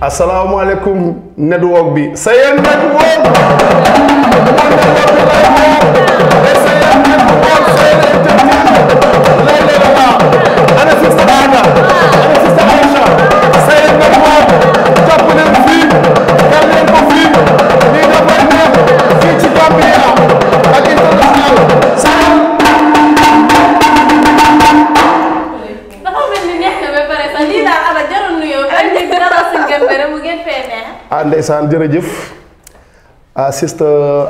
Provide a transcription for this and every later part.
asalaamaaleykum network bi sa yéen network ndeysaan jërëjëf ah sista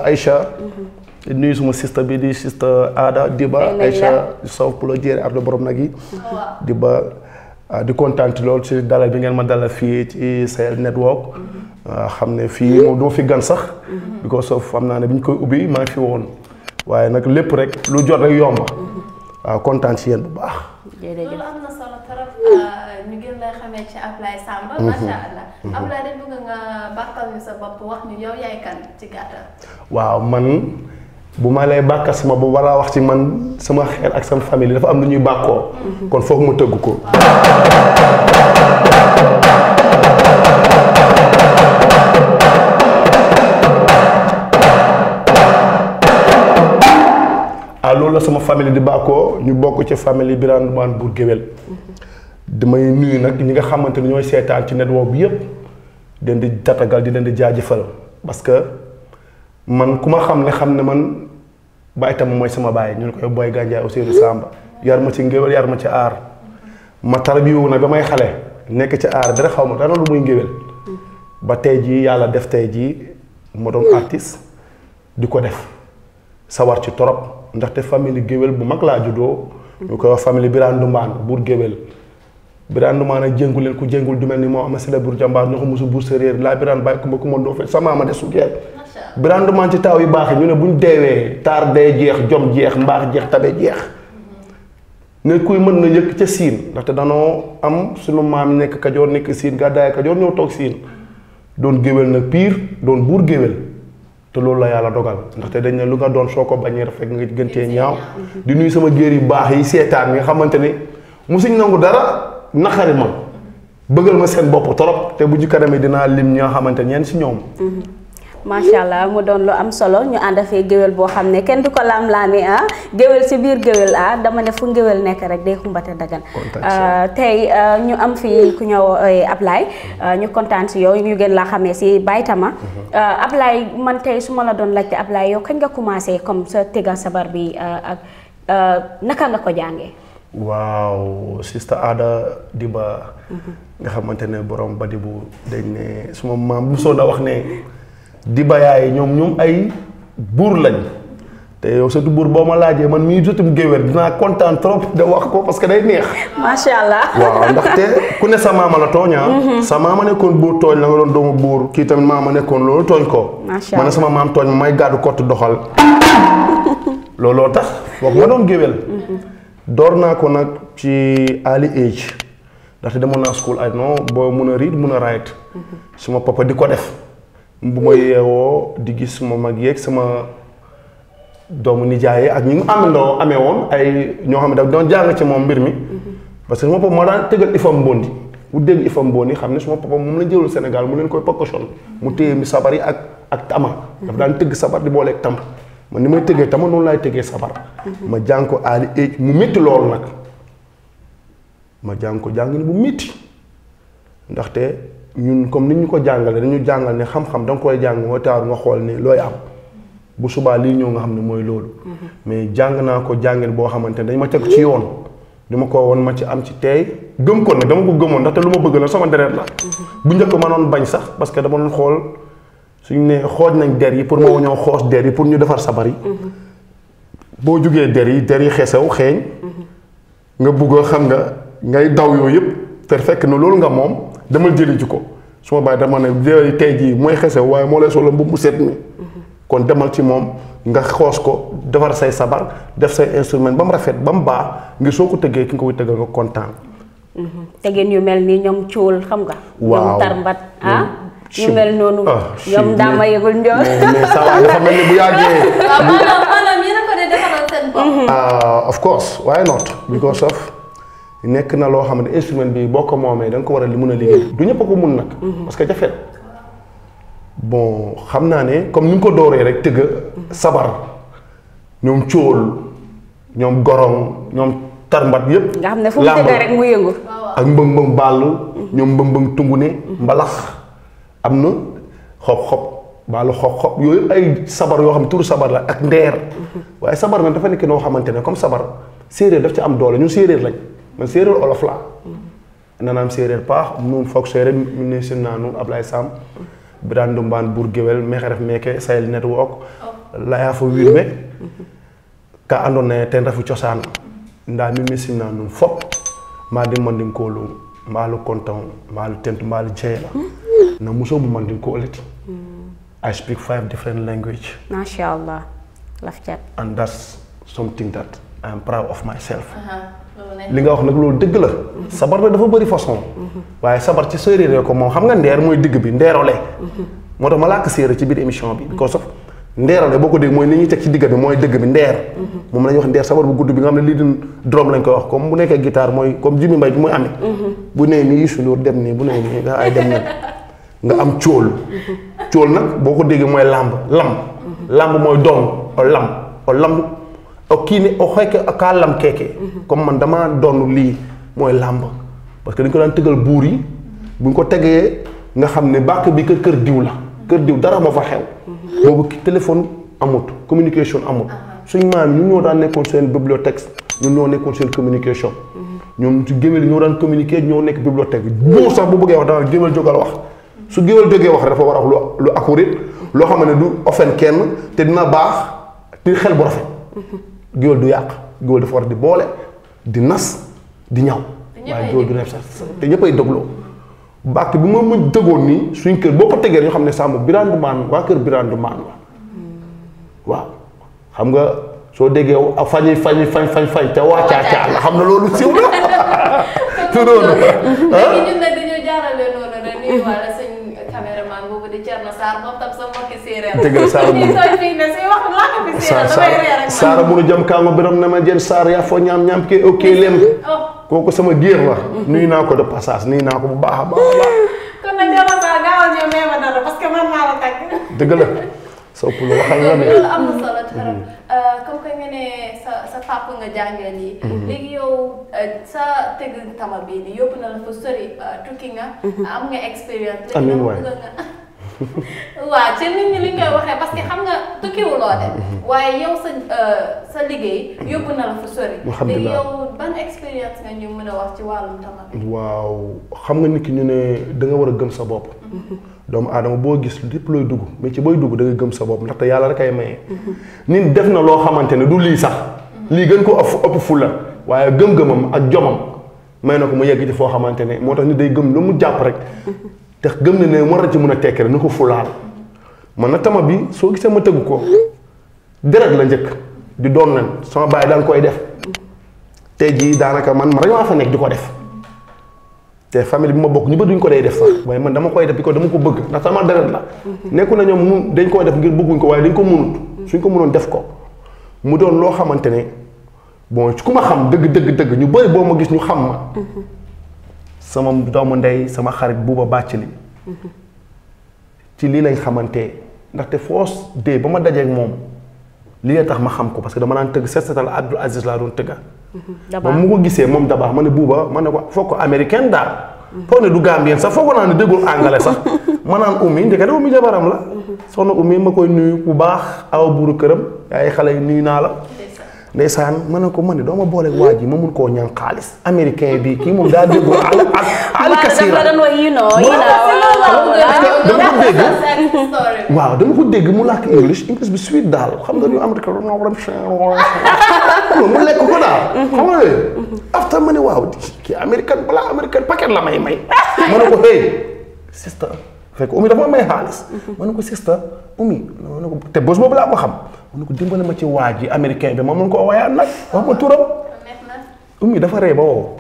Aïcha mm-hmm. nuyu suma sista bi di sista Aada Diba Aïcha Sow pour la jéere ardo boroom nag yi mm-hmm. oh, di ba ah, di kontaan lool ci dala bi ngeen ma dalal fii ci Sahel Network mm-hmm. ah, xam ne fii moom duma fi gan sax because of xam naa ne bi ñu koy ubbi maa ngi fi woon waaye nag lépp rek lu jot rek yomba ah, waaw kontaan ci yéen bu baax ñu gën lay xamee ci Ablaye Samba. macha allah Ablaye dañ bëgg nga ñu kan ci gàttal. man bu ma sama bopp wala wax ci man sama xel ak sama famille dafa am lu ñuy bàkkoo. kon foog ma tëgg ko. la sama famille di bàkkoo ñu bokk ci famille Birane Mane damay nuyu nag ñi nga xamante ne ñooy seetaan ci network bi yëpp den di tatagal di leen di jëfal parce que man ku ma xam ne xam ne man baay tam mooy sama baay ñu ne ko booy gànjaay Ousseynou Samba yar ma ci ngéwél yar ma ci aar ma tarbiwu nag ba may xale nekk ci aar dara xaw ma dara lu muy ngéwél ba tey jii yàlla def tey jii ma doon artiste di ko def sawar ci torop ndaxte famille géwél bu mag laa juddoo ñu koy wax famille Birane Ndumbaan buur géwél brand mana na jengul len ku jengul du melni mo am sala bur jambar nako musu bur sereer la biraan bay ko ko do fe sama ma desu gel brand duma ci taw yu bax ñu ne buñ tar de jeex jom jeex mbax jeex tabe jeex ne kuy mën na yëk ci sin ndax te dano am sunu maam nek kajor nek seen gaday kajor ñoo tok seen doon gewel nak pire doon bur gewel te loolu la yàlla ya dogal ndaxte dañ ne lu nga don soo ko bañee rafet nga gën ñaaw di nuyu sama géer yu baax yi seetaan nga xamante ne nangu dara naqari ma bëggal ma seen bopp torop te bu ci kanamee dinaa lim ñi nga xamante ñeen si mm-hmm. macha allah mu doon lu am solo ñu ànd fee géwél boo xam ne kenn du ko laam-laamee ah géwél si biir géwél ah dama ne fu géwél nekk rek day xumbate dagan euh, tey euh, ñu am fii ku ñëw euh, Ablaye ñu kontaan si yow ñu gën laa xamee si Baytama mm-hmm. Ablaye man tey su ma la doon laajte Ablaye yow kañ nga commencé comme sa tëgga sabar bi ak naka nga ko jànge Wow, sista aada diba nga xamantene borom badi bu dañ ne suma bu so da wax ne diba yaay ñom ñom ay buur lañ te yow sa buur boo ma man mi jottum gewer dina content trop de wax ko parce que day neex sha allah waaw ndaxte ku ne sa mama la toña mhm. sa mama maama kon buur tooñ la nga doon doomu buur ki tamit maama kon lolu tooñ ko ma sama mam tooñ may ko to doxal lolu tax wax nga doon géwél mhm. door naa ko nag ci early age ndaxte demoon naa school ay boo mun a read mun a write mm-hmm. suma papa di ko def bu ma yeewoo di gis suma mag yeeg sama doomu nijaay ak ñu mu amandoo amee woon ay ñoo xam ne doon jàng ci moom mbir mi mm-hmm. parce que suma papa moo daan tëgal ifam mbondi bu dégg ifam mbondi xam ne suma papa moom la jëlul Sénégal mu leen koy percussion mu téye mi sabar yi ak ak tama mm-hmm. dafa daan tëgg sabar di booleeg tam man ni may tëggee tama noonu laay tëggee sabar mhm. ma jàng ko aali éeg mu métti loolu nag ma jàng ko jàng ni bu métti ndaxte ñun comme ni ñu ko jàngale dañu jàngal ne xam-xam da koy jàng moo taaru nga xool ne looy am bu subaa lii ñëw nga xam ne mooy loolu mhm. mais jàng naa ko jàngin boo xamante ne dañ ma teg ci yoon di ma ko woon ma ci am ci teey gëm ko nag dama ko gëmoon ndaxte lu ma bëgg la sama deret la mhm. bu njëkk ma noon bañ sax parce que dama xool suñ ne xooj nañ der yi pour moo ñoo xoos der yi pour ñu defar sabar yi boo jugee der yi der yi xeesaw xeeñ nga bugg xam nga ngay daw yooyu yëpp te fekk na loolu nga moom demal jëli ji ko suma ma dama ne jëli tey jii mooy xeesaw waaye moo lay solo mbubb set mi kon demal ci moom nga xoos ko defar say sabar def say instrument ba mu rafet ba mu baax ngir soo ko tëggee ki nga koy tëggal nga kontaan. tegeen yu mel ni ñoom cuul xam nga. waaw ñoom tarmbat ah ñu mel noonu ñoom dama yegul ndiol mais ça va dafa of course why not because of nek na lo xamne instrument bi boko momé dang ko wara mëna liggéey du ñepp ko mën nak mhm. parce que bon xam naa comme ni ko rek sabar ñoom cóol ñoom gorong ñoom tarmbat yëpp nga xam fu mu tëgg rek mu yëngu ak mbëng mhm. mbëng mbalax am na xob-xob baalu xob-xob yooyu ay sabar yoo xam ne turu sabar la ak ndeer mm-hmm. waaye sabar nag dafa nekk noo xamante ne comme sabar séeréer daf ci am doole ñun séeréer lañ man séeréer olof la mm-hmm. nanaam séeréer paax nun foog séeréer mi ne sin naa nun Ablaye Sam mm-hmm. Birane Mbaan Buur Géwél meexe ref meeke Sahel Network oh. layaa fa wiir me ka andoon naye ten refu cosaan ndaa mi mi naa nun fop maa di mandinkoolu mbaalu konton mbaalu tent mbaalu jeey la hmm? na muso bu man din ko let I speak five different language masha allah laf cat and that's something that I am proud of myself li nga wax nak loolu deug la hmm. sabar na dafa bëri façon hmm. waye sabar ci re ko moom xam nga ndeer moy deug bi ndeerole hmm. moo tax ma lak seere ci biir émission bi because of ndeerale boo ko dégg mooy li ñuy teg ci bi moy deug bi ndeer mom lañ wax ndeer sabar bu gudd bi nga xam ne lii din drum lañ ko wax comme bu nekk guitar moy comme Jimmy mbay bi muy amee bu ne ni Youssou Ndour dem ni bu ne ni ay dem na nga am cóol cóol nag boo ko déggee mooy làmb lamb lamb mooy doon o lamb o lamb o kii ne o xekke kaa lamb keeke comme man dama doon lii mooy lamb parce que dañ ko daan tëggal buur yi bu ñu ko tegee nga xam ne bàkk bi kër kër diw la kër diw dara ma fa xew boobu téléphone amut communication amut suñ maam ñun ñoo daan nekkoon seen bibliothèque ñun ñoo nekkoon seen communication ñoom ci géwél ñoo daan communiquer ñoo nekk bibliothèque boo sax bu bëggee wax dana géwél jógal wax su géwél jógee wax rek dafa war a wax lu lu accurate loo xam ne du offen kenn te dina baax te xel bu rafet. géwél du yàq géwél dafa war di boole di nas di ñaw. waaye géwél du nekk sax te ñëppay dégloo. bàkk bi ma mujj dëggoon nii suñ kër boo ko tegee ñu xam ne sàmm Birane Ndoumbane waa kër Birane Ndoumbane la hmm. waaw xam nga soo déggee fañi fañi fañ fañ fañ te waa caa caa xam na loolu siw na. Cerno Sarmo tam sama ki séeréer dëgg Sarr moom sooy munu jëm kàngu biram na ma jën Sarr yaa foo ñaam ñaam kee ok leen kooku sama géer la nuyu naa ko de passage nuyu naa ko bu baax baax kon nag Cerno Sarr gaawal ñëw mee dara parce que man la tag lu waxal la am na solo comme que sa sa nga yow sa na la fa sori am nga waaw ci nit ñi li ñu koy waxee parce xam nga tukkiwuloo de mm-hmm. waaye yow sa euh, sa liggéey mm-hmm. yóbbu na la fu sori waaw xam nga nit ki ñu ne danga war a gëm sa bopp mm-hmm. doomu aadama boo gis lépp looy dugg mais ci booy dugg da gëm sa bopp ndaxte yàlla rek ay maye nit def na loo xamante ne du lii sax lii gën ko ëpp fulla waaye gëm-gëmam ak jomam may na ko mu yegg ci foo xamante ne moo tax nit day gëm lu mu jàpp rek te gëm na ne war na ci mën a tekki rek na ko fulaal man na tama bi soo gisee ma tëgg ko deret la njëkk di doon leen sama bàyyi daan koy def tey jii daanaka man ma dañoo fa nekk di ko def te famille bi ma bokk ñu ba duñ ko day def sax waaye man dama koy def bi ko dama ko bëgg ndax sama deret la mhm. nekku na ñoom mun dañ koy def ngir bëgguñ ko waaye dañ ko munut mhm. suñ ko mënoon def ko mu doon loo xamante ne bon ku ma xam dëgg dëgg dëgg ñu bëri boo ma gis ñu xam ma mhm. sama doomu ndey sama xarit buuba bàcc li ci lii lañ xamante ndaxte foos dee ba ma dajeeg moom lii la tax ma xam ko parce que dama daan tëgg set setal Abdou Aziz laa doon tëgga moom mu ko gisee moom dabaax ma ne buuba ma ne ko foog ko américaine daal foog ne du gambien sax foog naa ne déggul anglais sax ma naan ummi ndekete ummi jabaram la soxna ummi ma koy nuyu bu baax aw buuru këram yaay xale yi nuyu naa la ndeysaan ma ne ko man ne doo ma booleeg ma mun koo ñaan xaalis américain bi kii moom daa déglu ak ak alkasiira dama ko dégg waaw dama ko dégg mu làkk english english bi suite daal xam nga ñu américain mu lekk ko daal xam la may may ma ne ko hey sister fekk umi dafa may xaalis ma ne ko sister umi te bés boobu laa ko xam mu ne ko dimbali ma ci waa américain bi ma mun ko waaye nag wax ma turam. ummi dafa ree ba wow.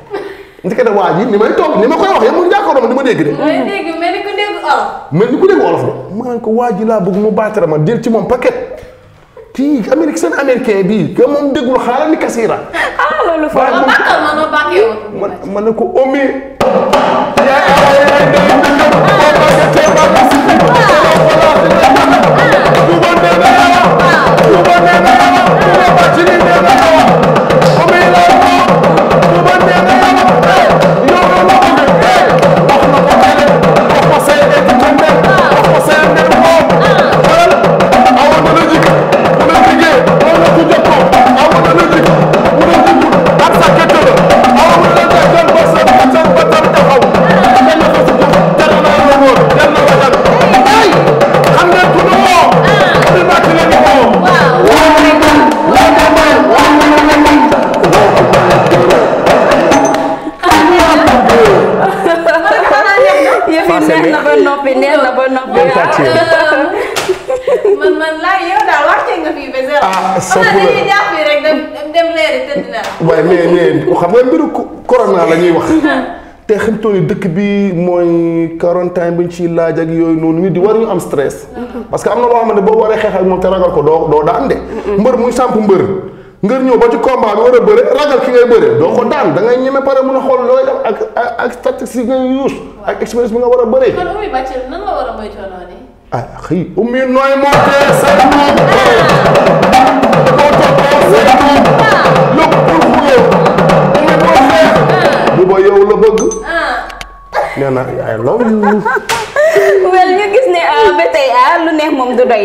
ndekete waa ji ni may toog ni ma koy wax yow mu ngi jàkkaarloo ma ma dégg de. may dégg mel ni ku dégg olof. mel ni ku dégg olof la. ma ne ko waa ji laa bëgg mu baatara ma jël ci moom paquet. kii Amérique seen américain bii que moom déggul xaaral ni kasiira. ah loolu foofu la bàqal ma ma bàqeewul. ma ne ko ummi. Thank you. mooy mbiru corona la ñuy wax. te xam tool yi dëkk bi mooy quarantaine bi ñu ci laaj ak yooyu noonu nit di war ñu am stress. parce que am na loo xamante boo waree xeex ak moom te ragal ko doo doo daan de. mbër muy samp mbër. ngër ñëw ba ci combat bi war a bëre ragal ki ngay bëre doo ko daan da ngay ñeme a xool looy def ak ak ak statistique ngay yuus ak expérience bi nga war a bëree. kon Oumy Bathily nan la war a moytoo noonu. ah xëy Oumy nooy mootee saytu. Ah. moo toppoo saytu. Ah. ma yow la bëgg. Ah. nee na ay love you. well ñu gis ne ah, ba tey ah, lu neex moom du doy.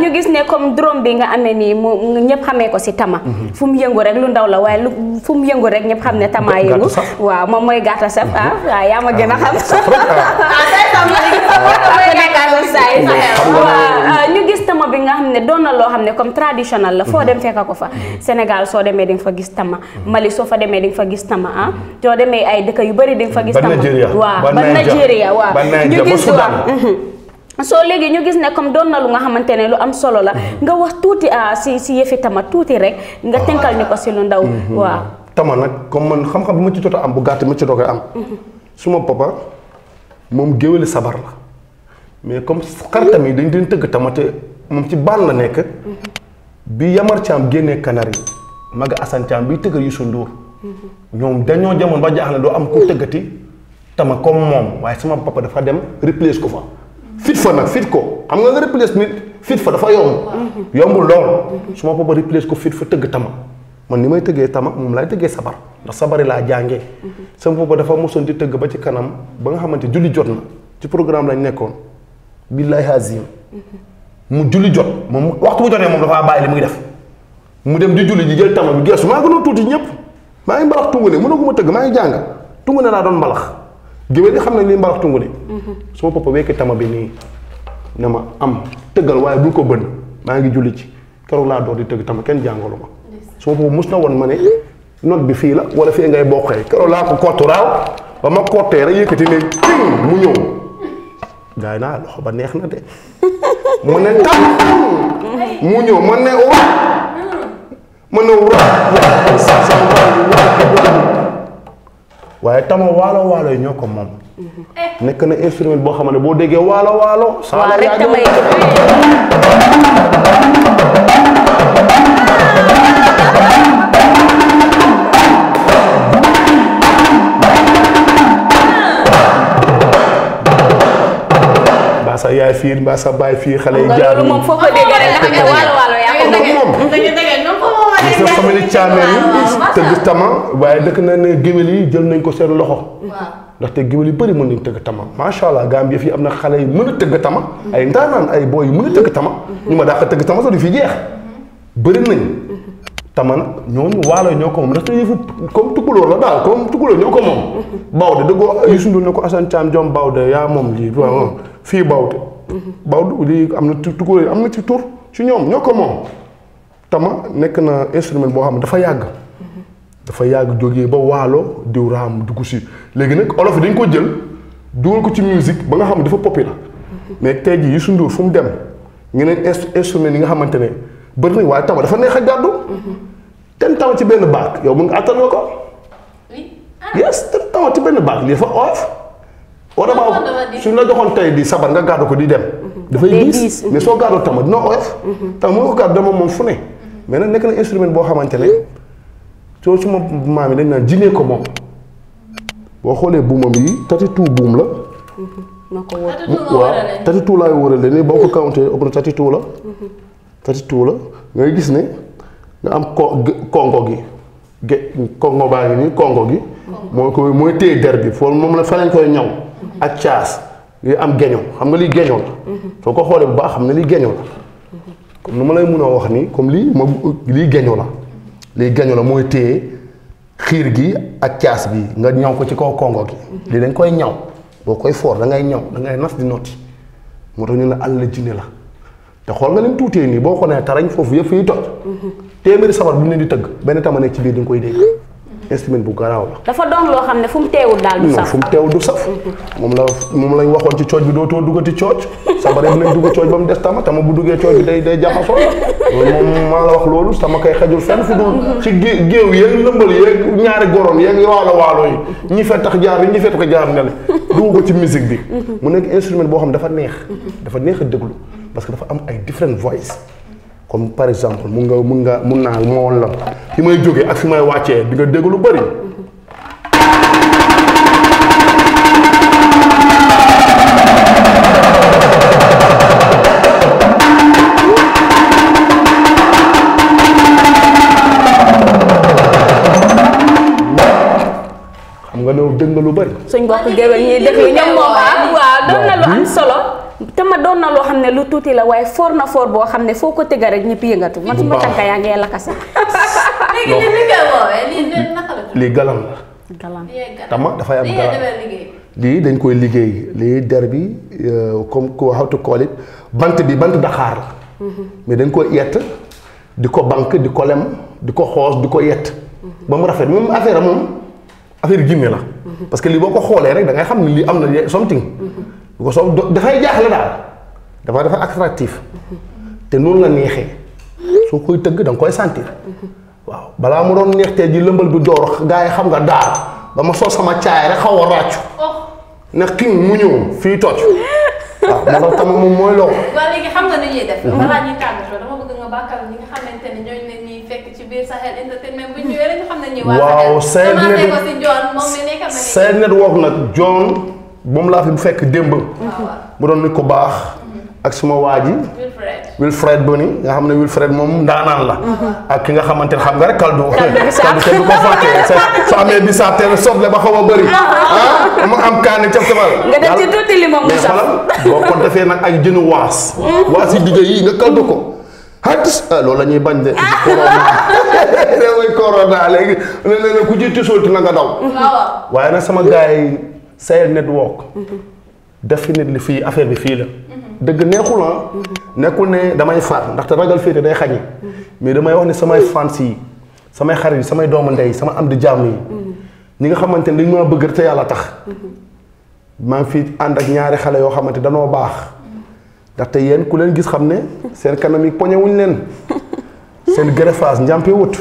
ñu gis ne comme drôme bi nga amee nii mu ñëpp xamee ko si tama. Mhm. fu mu yëngu rek lu ndaw la waaye lu fu yëngu rek ñépp xam ne tama yëngu. waaw moom mooy gàtta sax ah waaw yaa ma gën a xam. ñu gis tama bi nga xam ne doon na loo xam ne comme traditionnel la foo mhm. dem fekka ko fa Sénégal soo demee di nga fa gis tama Mali soo fa demee di fa gis tama ah soo demee ay dëkk yu bari di fa gis tama waaw ba Nigeria waaw ñu gis waaw mhm. soo léegi gis ne comme doon na lu nga xamante ne lu am solo la mhm. nga wax tuuti ah, si si yëfi tama tuuti rek nga ah. tënkal ñu ko si lu ndaw waaw tama nag comme man xam-xam bi ma ci jot a am bu gàtt ma ci toog a am suma papa moom géwéli sabar la mais comme xaritam yi dañu doon tëgg tamate moom ci baan la nekk. bi Yamar Thiam génnee Canary maga Assane bi tëgg Youssou Ndour. ñoom dañoo jamoon ba jaaxle doo am ku tëggati tama comme moom waaye sama papa dafa dem replace ko fa. fit fa nag fit ko xam nga nga replace nit fit dafa yomb. yombul lool su ma papa replace ko fit fa tëgg tama man ni may tëggee tama moom laay tëggee sabar ndax sabari laa jànge sama papa dafa mosoon di tëgg ba ci kanam ba nga xamante julli jot na ci programme lañ nekkoon. billahi azim mu julli jot moom waxtu bu jotee moom dafaa bàyyi li muy def mu dem di julli ji jël tama bi geesu maa ngi gënoon tuuti ñëpp maa ngi mbalax tungu ne mënoo ko ma tëgg maa ngi jàng tungu ne laa doon mbalax géwél yi xam nañ li mbalax tungu ne sama papa wekk tama bi nii ne ma am tëggal waaye bul ko bënn maa ngi julli ci keroog laa door di tëgg tama kenn jàngalu ma sama papa mus na woon ma ne note bi fii la wala fii ngay bokkee keroog laa ko kottu raaw ba ma kottee rek yëkkati ne mu gaay naa loxo ba neex na de mu ne tam mu ñëw ma ne waaye tama waalo waalo yi ñoo ko moom. nekk na instrument boo xam ne boo déggee waalo waalo. saa rek sa fi fii sa bay fi xale jaar mom foko ko dégg rek xam nga waalo waalo yaa ko moom dëgg dëgg ñoom foo ko gis nga famille caameer yi tëgg tama dëkk na ne géwél yi jël nañ ko seen loxo ndax te géwél yi bari mën nañ tëgg tama sha allah gam yëf yi am na xale yi mën a tama ay ndaanaan ay boy yu mën a tama ñu ma dàq tëgg tama so di fi jeex bari nañ tama nag ñooñu waalo ñoo ko moom ndax dañuy fu comme tukulo la daal comme tukulo ñoo ko moom bawde de Youssou yusundul ne ko Assane Thiam Diom bawde ya mom li waaw fii bawte bawdu lii am na yi am na ci tur ci ñoom ñoo ko moom tama nekk na instrument boo xam ne dafa yàgg dafa yàgg jógee ba waalo diw raam dugg si léegi nag olof yi dañ ko jël dugal ko ci musique ba nga xam ne dafa populaire mais tey jii suñ duur fu mu dem ñeneen instrument yi nga xamante ne bëri nañ waaye tama dafa neex a gàddu ten tama ci benn baak yow mu nga àttan nga ko ah. yes ten tama ci benn baak lii fa oyof oraba suñ la joxoon tey di sabar nga gàddu ko di dem mhm. dafay diis mais soo gàddoo tama dina oyof tam mhm. moo ko gàddu dama moom fu ne mhm. mais nag nekk na instrument boo xamante ne soo suma maam yi dañ naan jinee ko moom boo xoolee buumam yi tati tout la waaw tati laay wërale nii boo ko compté ëpp na tati tout la tati tout la ngay gis ne nga am ko kongo gi ge kongo baa nii kongo gi moo koy mooy téye der bi foofu moom la fa lañ koy ñaw ak caas yu am geño xam nga lii geño la soo ko xoolee bu baax xam ne lii geño la comme nu ma lay mun a wax nii comme lii ma lii geño la lii geño mooy téye xiir gi ak caas bi nga ñaw ko ci kaw kongo gi lii dañ koy ñaw boo koy foor da ngay ñaw da ngay nas di noti moo tax ñu ne àll jinne la te xool nga leen tuutee nii boo ko ne tarañ foofu yëpp fiy toj mhm. téeméeri sabar bu ñu leen di tëgg benn tama nekk ci biir da koy dégg estimine bu garaaw la. dafa doon loo xam ne fu mu teewul daal du saf. fu mu teewul du saf. moom la moom lañ waxoon ci cooj bi dootoo duggati cooj sabare bi nañ dugg cooj ba mu des tama tama bu duggee cooj bi day day jaxasoo la la wax sama kay xajul fenn fu dul ci géew yeeg ñaari gorom yeeg waalo waalo yi ñi fee tax jaar bi ñi fee tax jaar nele dugg ko ci musique bi mu nekk instrument boo xam ne dafa neex dafa neex a déglu parce que dafa am ay different voice comme par exemple mu nga mu nga na mo won la fi may jóge ak fi may wàccee di nga dégg lu xam nga no dëng lu bari señ bokk gëwël ñi def ñam mom ah, wa doon na lu am solo tama doon na loo xam ne lu tuuti la waaye foor na foor boo xam ne foo ko tëgg rek ñëpp yëngatu man suma tànka yaa ngi lakasa léegi lii naka la lii galam la galam tama dafay am galam lii dañ koy liggéey lii der bi euh, comme ko how to bant bi bant daxaar la mhm. mais dañ koy yett di ko bank di ko lem di ko xoos di ko yett mhm. ba mu rafet même affaire moom affaire jinne la mhm. parce que lii boo ko xoolee rek da ngay xam ne lii am na something bu ko soob dafay jaaxle daal dafa dafa attractif te noonu la neexee soo koy tëgg da nga koy sentir waaw balaa mu doon neextee ji lëmbal bi door gaa yi xam nga daal ba ma sol sama caay xaw oh. na king mu ñëw mhm. ñu ñëwee rek ñu Network nag John. moom laa fi fekk démb. bu doon nit ko baax. ak suma waa ji. Wilfred Boni nga xam ne Wilfred moom ndaanaan la. ak ki nga xamante ne xam nga rek kaldu. kaldu kenn du ko fàtte soo bi bisaab te soble ba xaw a bëri. ah mu am kaani ca sabal. nga def li moom mu sax boo ko defee nag ak jënu waas. waas yi digg yi nga kaldu ko. Ah, loolu la ñuy bañ de corona réeway léegi ne ne ku ci tisooti na nga daw waaye nag sama gars Sahel Network. definitely fi affaire bi fi la. Deug neexul ah. nekkul ne damay ndax ndaxte ragal fete day xañi mais damay wax ni samay fans yi samay xarit yi samay doomu ndey sama am di jàmm yi. ñi nga xamante dañ ma bëgg te Yalla tax. Ma fi and ak ñaari xale yoo xamante danoo baax. te yeen ku leen gis xam sen seen kanam yi poñewuñ leen. seen gërëfaas njàmpe wut.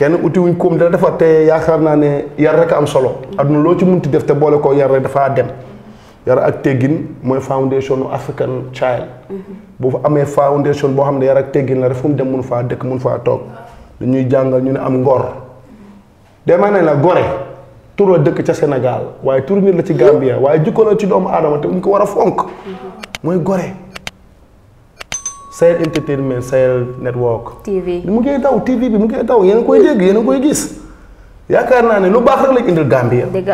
kenn wuñ koom dina defar te yaakaar naa ne yar rek am solo adduna loo ci mun munti def te boole koo yar dafaa dem yar ak teggin mooy foundation African child bu fa amee foundation boo xam ne yar ak teggin la rek fu mu dem mun faa dëkk mun faa toog dañuy jàngal ñu ne am ngor demaa ne la gore tur la dëkk ca Sénégal waaye tur nit la ci Gambia waaye jikko la ci doomu aadama te mu ko war a fonk mooy gore Sahel Entertainment Sahel Network. TV mu ngi daw TV bi mu ngi daw yéen koy dégg yéen koy gis yaakaar naa ne lu baax rek lañ indil Gambia. dëgg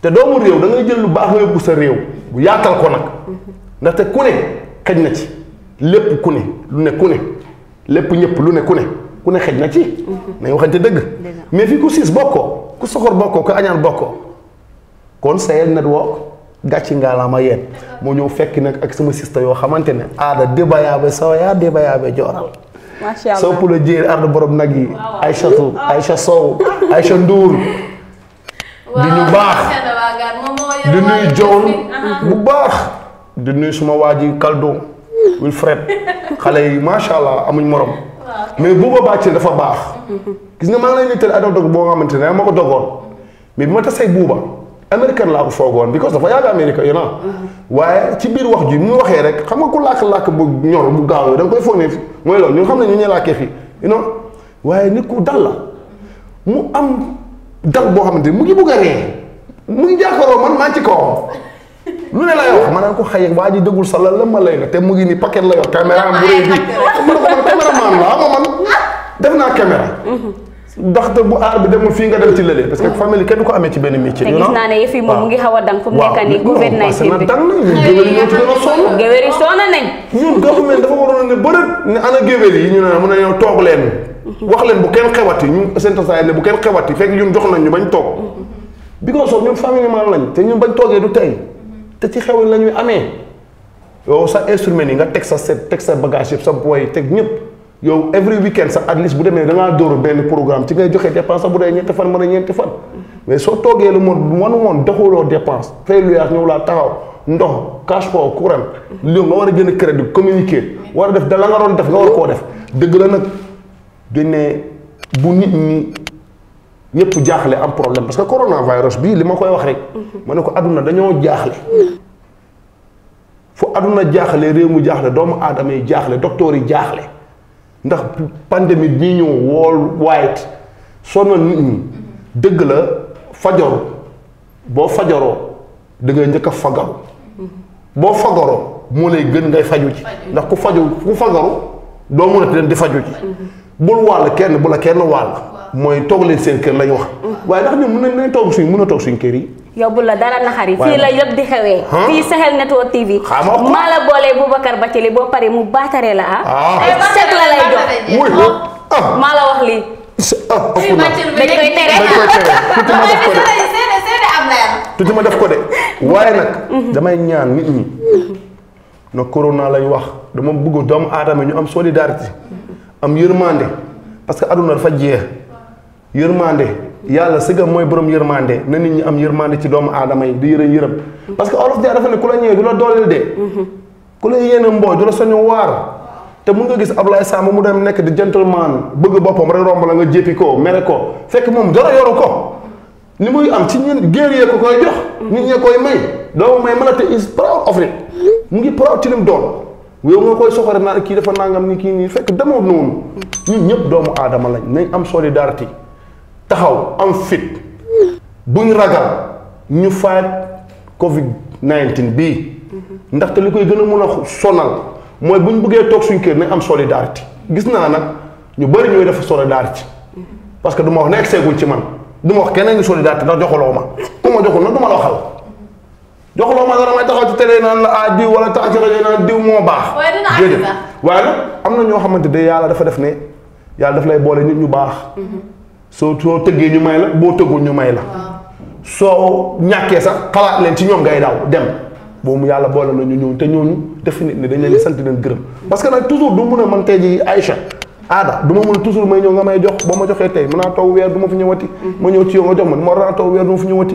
te doomu réew da ngay jël lu baax nga yóbbu sa réew bu yaatal ko nag. Mm-hmm. ndax te ne xëj na ci lépp ku ne lu ne ku ne lépp ñëpp lu ne ku ne ku ne xëj na ci. Mm-hmm. nañ waxante dëgg. mais fi ku siis bokkoo ku soxor bokkoo ku añaan bokkoo kon Sahel Network. gàcci nga la ma yéen moo ñëw fekk nak ak sama sista yoo xamante ne aada débayaabe sooyaa débayaabe jooral macha allah sopp la jéer arda borom nak yi tu aisha Sow aisha Ndour di ñu bax di ñu jown bu bax di ñu suma waji Kaldo Wilfred xalé yi macha allah amuñ morom mais buuba bàcce dafa bax gis nga ma lay nitel adam dog bo xamantene xamante ne ma ko dogoon mais bima ma tasee américain laa ko foogoon because dafa yàgg Amérique yi naa waaye ci biir wax ji mu waxee rek xam nga ku làkk-làkk bu ñor bu gaaw da nga koy foog ne mooy loolu ñun xam ne ñu ñuy làkkee fii waaye nit ku dal la mu am boo xamante mu ngi bugg a ree mu ngi jàkkaaroo man maa ci kaw lu ne lay wax ma naan ko xëy waa ji dëggul sala la ma lay nga te mu ngi ni paquet la yor caméra am bu rëy bi man caméraman la man def naa caméra mm-hmm. ndaxte bu aar bi demul fii nga dem ci lële parce que mm. famille kenn du ko amee ci benn métier. te gis naa ne yëf yi moom mu ngi xaw a dang fu mu nekk nii covid 19 bi dang na ñun géwél yi a sonn géwél yi sonn nañ ñun government dafa waroon ne bërët ne ana géwél yi ñu ne mun nañoo toog leen mm-hmm. wax leen bu kenn xewati ñun seen tasaay ne bu kenn xewati fekk ñun jox nañ ñu bañ toog bi ko soob ñun famille man lañ te ñun bañ toogee du tey mm-hmm. te ci xewal la ñuy amee sa instrument yi nga teg sa set teg sa bagage yëpp sa booy teg ñëpp yow every weekend sax at least bu demee da ngaa dóor benn programme ci ngay joxe dépense sax bu dee ñetti fan mën a ñeenti fan mais soo toogee lu moon wanu woon doxuloo dépense fay luyaas ñëw laa taxaw ndox cash flow courant li nga war a jënd crédit communiquer war a def da la nga doon def nga war koo def dëgg la nag dañ bu nit ñi ñëpp jaaxle am problème parce que coronavirus bii li ma koy wax rek ma ne ko àdduna dañoo jaaxle fu adduna jaaxle réew mu jaaxle doomu aadama yi jaaxle docteur yi jaaxle ndax pandémie bi ñëw worldwide sonal nit ñi mm-hmm. dëgg la fajaru boo fajoroo da ngay njëkk a fagaru mm-hmm. boo fagaroo moo lay gën ngay faju ci ndax ku faju ku fagaru doo mën a te leen di faju ci mm-hmm. bul wàll kenn bu la kenn wàll mooy toog leen seen kër lañ wax waaye ndax ñun mën nañ toog suñ mun a toog suñu kër yi yóbbu la dara naxari fii la yëpp di xewee fii Sahel Network TV maa la boolee Boubacar Bathily boo paree mu baatare la ah, ah. set la lay jox ah. maa la wax lii ah, dañ ma def ko de waaye nag mhm. damay ñaan nit ñi na corona lañ wax dama bëgg doomu aadama ñu am solidarité am yërmande parce que aduna dafa jeex yërmande yalla sega moy borom yermande na nit ñi am yermande ci doomu Pas yi di yere yërëm parce que olof jaar dafa ne kula ñewé dula dolel la dooleel de ku la yéene te mu nga gis sam mu dem nek di gentleman bëgg bopam rek romb la nga jépi ko méré ko fekk mom dara yoru ko ni muy am ci ñun guerrier ko koy jox nit ñi koy may do may is proud of it mu ngi proud ci lim doon yow nga koy soxore na ki dafa nangam ni ki ni fekk demo non ñun ñëpp doomu adama lañ nañ am solidarité taxaw am fit buñ ragal ñu faat Covid 19 bii ndaxte li koy gën a mun a sonal mooy buñ bëggee toog suñ kër nañ am solidarité gis naa nag ñu bëri ñooy def solidarité parce que du ma wax ne excès ci man du ma wax keneen ñu solidarité ndax joxuloo ma ku ma joxul nag du ma la waxal joxuloo ma dara may taxaw ci télé naan la ah diw wala taxaw ci rajo naan diw moo baax. déedéet waaye nag am na ñoo xamante ne yàlla dafa def ne yàlla daf lay boole nit ñu baax. Mm-hmm. soo soo tëggee ñu may la boo tëggul ñu may la soo ñàkkee sax xalaat leen ci ñoom ngay daw dem boobu yàlla boole na ñu ñëw te ñooñu def nit ni dañ leen leen gërëm parce que nag toujours du mun a man tey ji Aïcha aada ma mun a ñëw nga may jox boo ma joxee tey mën naa toog du ma fi mm. ñëw ci yow nga jox ma ma war naa toog weer du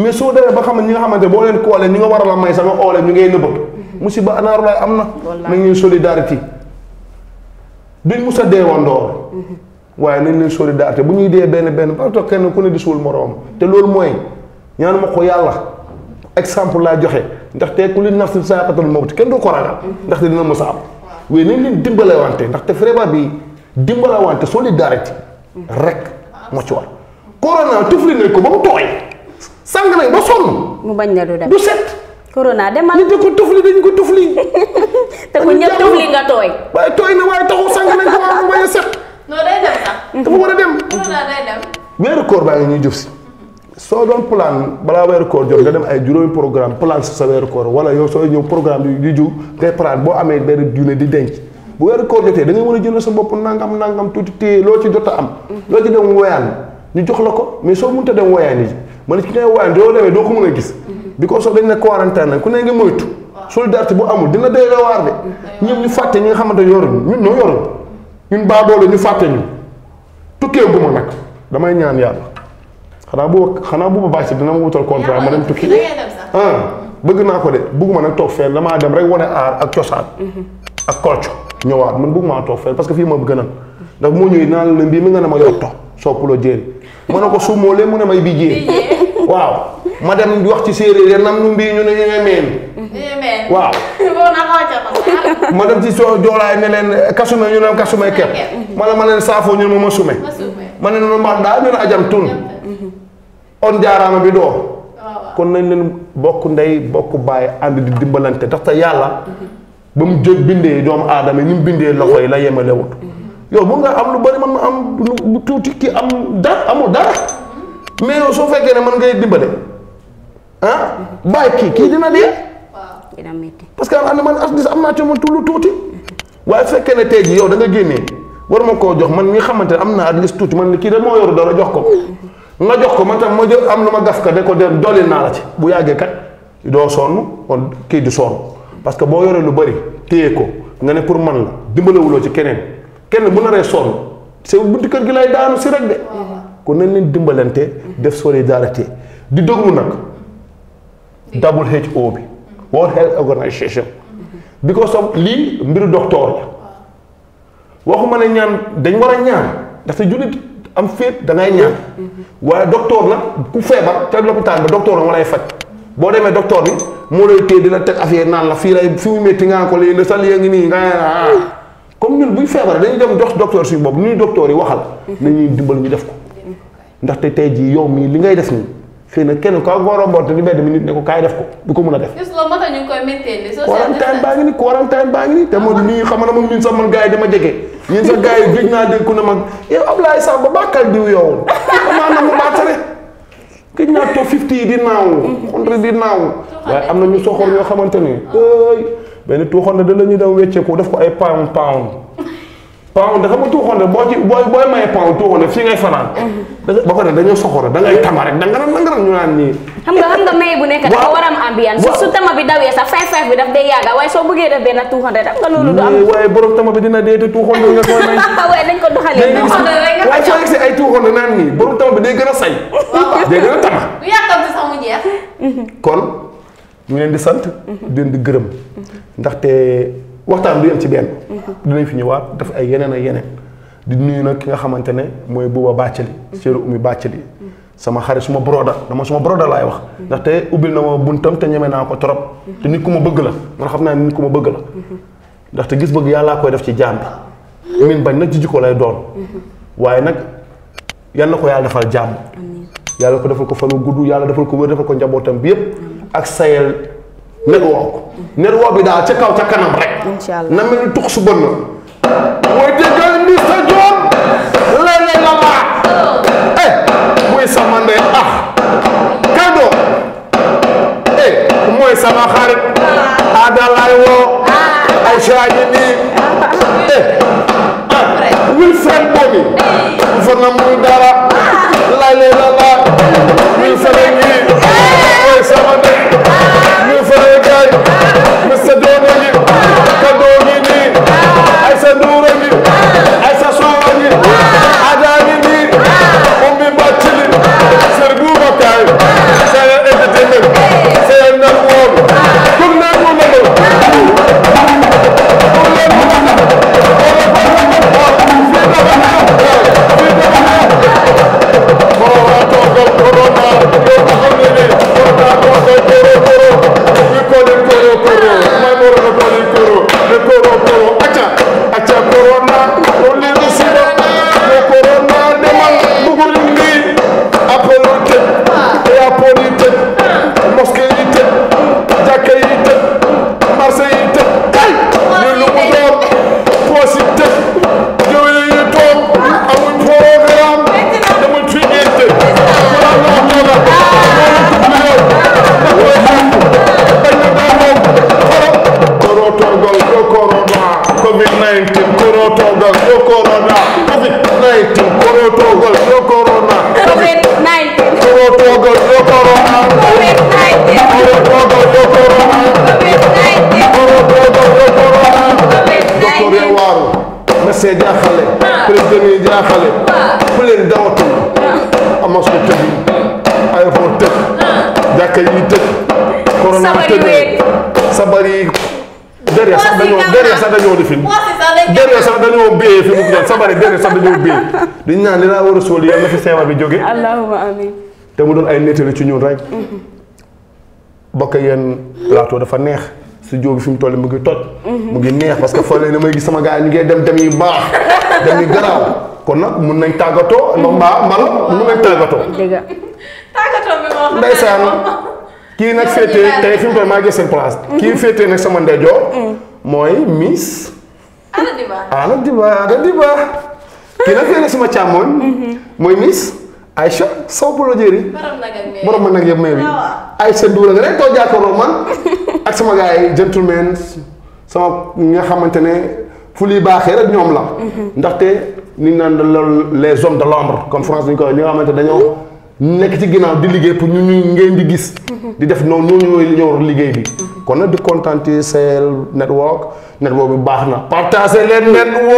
mais soo demee ba xam ne ñi nga xamante boo leen koolee ñi nga war a la may sax nga oolee ñu ngay nëbbatu mm. musiba anaarulaay am na nañ leen solidarité duñ musa deewandoo mm-hmm. waaye nañ leen solidarité bu ñuy dee benn benn parce que kenn ku ne disuwul moroom te loolu mooy ñaanu ma ko yàlla exemple laa joxe ndaxte ku li nafsin saaqatul mawt kenn du ko ragal ndaxte dina mos a am waaye nañ leen dimbale bi dimbale wante solidarité rek moo ci war corona tufli nañ ko ba mu tooy ba sonn mu bañ na du dem du ko tufli dañ ko tufli te waaye taxu sang nañ ko waaye mu bañ a set non day dafa war a dem. day dem. weeru koor baa ngi ñuy jëf si. soo doon plan balaa weeru koor jot nga dem ay juróomi programme plan si sa weeru koor wala yow sooy ñëw programme yu ju ngay plan boo amee benn junne di denc. bu weeru koor jotee da ngay mën a jënd sa bopp nangam nangam tuuti téye loo ci jot am. loo ci dem woyaan ñu jox la ko mais soo mënut a dem woyaan yi man ci ngay woyaan doo demee doo ko mën a gis. bi ko soog dañ ne quarantaine nag ku ne nga moytu. solidarité bu amul dina de. ñoom ñu fàtte ñi nga xamante ne yoruñu ñun ñoo yoruñu ñun baadoole ñu fàtte ñu tukkee guma nag damay ñaan yàlla xanaa bu xanaa bu ma bàyyi si ma wutal contrat ma dem tukki ah bëgg naa ko de bëgguma nag toog fenn damaa dem rek wane aar ak cosaan mm-hmm. ak culture ñëwaat man bëggumaa toog fenn parce que fii ma gën a ndax moo ñëwee naa la mbii mi nga ne ma yow to soppuloo jéeri ma ne ko suumoo lee mu ne may bii jéeri waaw ma dem wax ci séeréer nam nu mbii ñu ne ñu ne meen waaw ma dem ci soo joolaay ne leen kasume ñu ne kasume kepp ma ne ma leen saafoo ñu ne ma sume ma ne ma mbaax daa ñu ne ajam tun mm-hmm. on jaaraama bi doo kon nañ leen bokk ndey bokk bàyyi ànd di dimbalante tax te yàlla mm-hmm. ba mu jël bindee doomu aadama yi ni mu bindee loxo yi la yemalewut mm-hmm. yow mun nga am lu bari man ma am lu tuuti ki am dara amul dara mais soo fekkee ne man ngay dimbale ah, bàyyi kii kii dina dee dina parce que am na man artiste am naa ci man tullu tuuti waaye fekkee ne tey jii yow danga nga génnee war ma koo jox man mi xamante ne am na at least tuuti man ni kii da moo yoru dara jox ko nga jox ko man tam ma jël am lu ma gaf ka ne ko de dolli naa la ci bu yàggee kat doo sonn kon kii di sonn parce que boo yoree lu bëri téye ko nga ne pour man la dimbalewuloo ci keneen kenn bu naree sonn sa buntu kër gi lay daanu si rek de kon nañ leen dimbalante def solidarité di déglu nag double HO bi World Health Organization because of lii mbiru docteur la waxuma ne ñaan dañ war a ñaan dafa jullit am féet da ngay ñaan waaye docteur nag ku feebar te lopitaan ba docteur na ma lay faj boo demee docteur bi moo lay téye di la teg affaire naan la fii lay fi mu métti ngaa ko léegi sa lii ngi nii nga ah. comme ñun buy feebar dañu dem dox docteur si boobu nu ñuy docteur yi waxal mhm. nañuy dimbal ñu def ko ndaxte tey jii yow mii li ngay def nii xëy na kenn ku ak góor a mboot ni mbedd mi nit ne ko kaay def ko du ko mën a def. gis nga moo baa ngi ni quarantaine baa ngi ni te man nii xam na moom ñun sax man gars yi dama jege. ñun sax gars yi gëj naa dégg ku ne man yow eh, Ablaye Samba bàkkal diw yow maanaam mu baatare gëj naa toog fifty di naaw. contre di naaw. waaye am na ñu soxor ñoo xamante ni. benn tuuxoon na da la ñuy daw wecceeku def ko ay pound pound. paon da xam nga tuuxoon rek boo ci booy booy maye paon tuuxoon rek fii ngay fanaan. ba pare dañoo soxora da ngay tama rek dangaram dangaram ñu nga xam nga maye a am ambiance. waaye soo bëggee def benn tuuxoon rek xam nga loolu du am. waaye borom tama bi dina dee te tuuxoon rek naan nii borom tama bi day gën a say. a tama. mu jeex. kon ñu leen di sant. di leen di gërëm ndaxte waxtaan du yem ci benn. dinañ fi ñëwaat def ay yeneen ak yeneen. di nuyu nag ki nga xamante ne mooy Bouba Bathily. Thierno Oumy Bathily. sama xarit suma broda dama suma broda laay wax. ndaxte ubbil na ma buntam te ñeme naa ko trop. te nit ku ma bëgg la man xam naa nit ku ma bëgg la. ndaxte gis bëgg yàlla koy def ci jaam bi. min bañ nag ci jikko lay doon. waaye nag yal na ko yàlla defal jàmm. yàlla ko defal ko fan wu gudd yàlla defal ko wér defal ko njabootam bi yëpp. ak sayel. network network bi daal ca kaw ca kanam rek. na mel ni tux su bën na. mooy déggal mi la maa eh muy sama ndey ah kado eh mooy sama xarit ah. Adalaay woo Aïcha a ngi nii ah. eh ah, COVID-19 corona. COVID-19. COVID-19 corona. COVID-19. COVID-19 corona. COVID-19. COVID-19 corona. Doktor yaa waaru. Messe jaaxale. Ah. Président yi jaaxale. Fu ah. leen dawatul. Amas ah. ko tëj. Aéroport tëj. Jàkka yi tëj. Corona tëj. Sabari. Derrière sax dañoo derrière sax dañoo defin. Derrière sax béyee fi mu jot sabari benn sax dañoo béy dañu naan li laa war a sóol yàlla na fi seewal bi jóge allahumma te mu doon ay nettali ci ñun rek mhm. bokk yeen plateau dafa neex studio bi fi mu toll mu ngi toj mhm. mu ngi neex parce que foo leen damay gis sama gars yi ñu ngi dem dem yu baax dem yu garaaw kon nag mun nañ tàggatoo ma mhm. mal mun nañ tàggatoo tàggatoo bi kii nag féetee tey fi mu toll maa ngi place kii féetee nag sama ndeyjoor mooy Miss Ada di ba? Ada di ba? Ada di ba? Kira-kira Machamon, mm-hmm. Moy Miss, Aisha, saw pulo jeri. Borom nagag mewi. Borom nagag mewi. Aisha Ndula nga rek to jaakoro man ak sama gay gentlemen sama nga xamantene fu li baxé rek ñom la. Mm-hmm. Ndaxte ni nan les hommes de l'ombre comme France ñu ko ñi xamantene dañoo nekk ci ginnaaw di liggéey pour ñu ñu ngeen di gis. di def noonu ñooñu ñooy ñor liggéey bi. kon nag di kontaan ci network network bi baax na. partagé leen network.